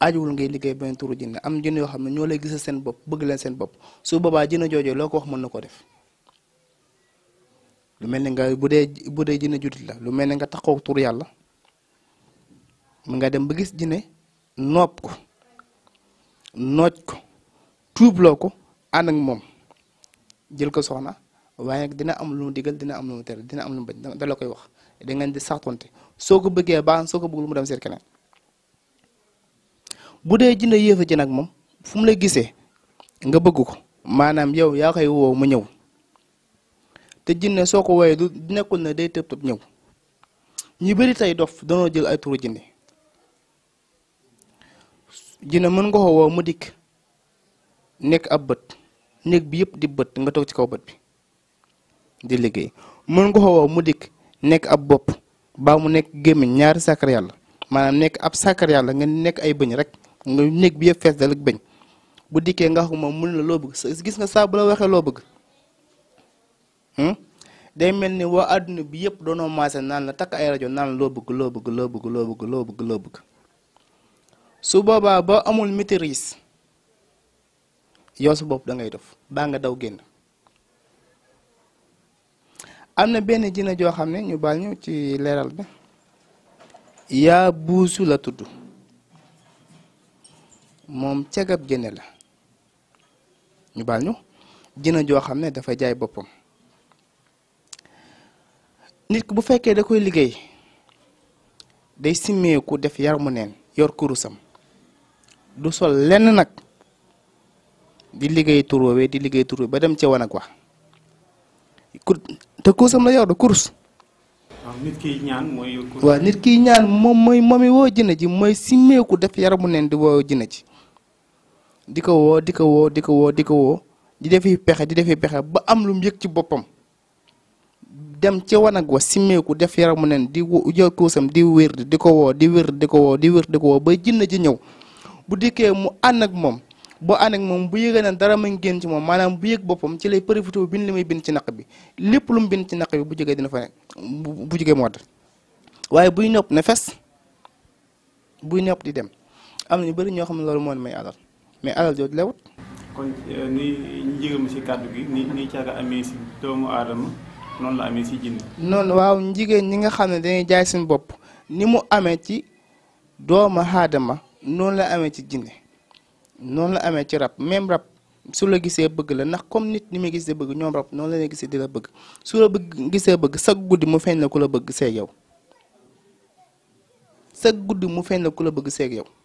ajuwul ngay liggéey ben turu jinn am jinn yo xamne ñoo lay gis seen bop bëgg leen seen bop su baba jinn jojo loko wax mën nako def lu melni nga budé budé jinn jutit jinne la lu melni nga taxaw turu yalla mu nga dem ba gis jinné nopp ko nooj ko tuub loko ànd ak mom jël ko soxna waye nag dina am lu digal dina am lu ter dina am lu bañ da la koy wax da ngeen di saxtonté soko ko bëggee baax soko bëggul mu dem seet keneen bu dee jinne yéefa ji nag moom fu mu la gisee nga bëgg ko maanaam yow yaa koy woo mu ñëw te jinne soo ko wooyee du nekkul ne day tëb tëb ñëw ñu bëri tey dof danoo jël ay turu jinne jinne mën nga ko woo mu dikk nekk ab bët néeg bi yëpp di bët nga toog ci kaw bët bi di liggéey mën nga ko woo mu dikk nekk ab bopp baa mu nekk gémmiñ ñaari sàkkar yàlla maanaam nekk ab sàkkar yàlla nga nekk ay bëñ rek nga néeg bi yëpp fees dal ak bu dikkee nga wax moom mun la loo bëgg gis nga saa bu la waxee loo bëgg hmm? day mel ni waa àdduna bi yëpp doonoo maase naan la takk ay rajo naan la loo bëgg loo bëgg loo bëgg loo bëgg loo bëgg su boobaa boo amul maîtrise yow su bopp dangay def baa nga daw génn am na benn jina joo xam ne ñu baal ñu ci leeral bi yaa buusu la tudd moom cegab jëne la ñu baal ñu jëna joo xam ne dafa jaay boppam nit ki bu fekkee da koy liggéey day simmeeku def yarmu neen yor kurusam du sol lenn nag di liggéey turoowee di liggéey turoo ba dem ca wanag wax ku te kurusam la yor du kurus nit nit kiy ñaan moom mooy momi woo jëna ji mooy simmeeku def yarmu neen di woo jëna ji di ko woo di ko woo di ko woo di ko woo di defi pexe di defi pexe ba am lu mu yëg ci boppam dem ci wanag wa simmeeku def yaramu nen di jël kuusam di wér di ko woo di wér di ko woo di wér di ko woo ba jinne ji ñëw bu dikkee mu ànd ak moom boo ànd moom bu yëgee ne dara ma ngi génn ci moom maanaam bu yëg boppam ci lay profité bin li muy bind ci naq bi lépp lu mu bind ci naq bi bu jógee dina fa nekk bu jógee mu wadd waaye buy nopp ne fes buy nopp di dem am na ñu bëri ñoo xam ne loolu moo may alal mais alal jooju la wut. kon euh, ni ñu jégalu si kàddu gi ni ni caaga amee si doomu aadama noonu la amee si jinne noonu waaw jigéen ñi nga xam ne dañuy jaay seen bopp ni mu amee ci doomu aadama noonu la amee ci jinne noonu la amee ci rab même rab su la gisee bëgg la ndax comme nit ni muy gisee bëgg ñoom rab noonu la ñuy gisee di la bëgg su la bëgg gisee bëgg sag guddi mu feeñ la ku la bëgg seeg yow sa guddi mu feeñ la ku la bëgg seeg yow.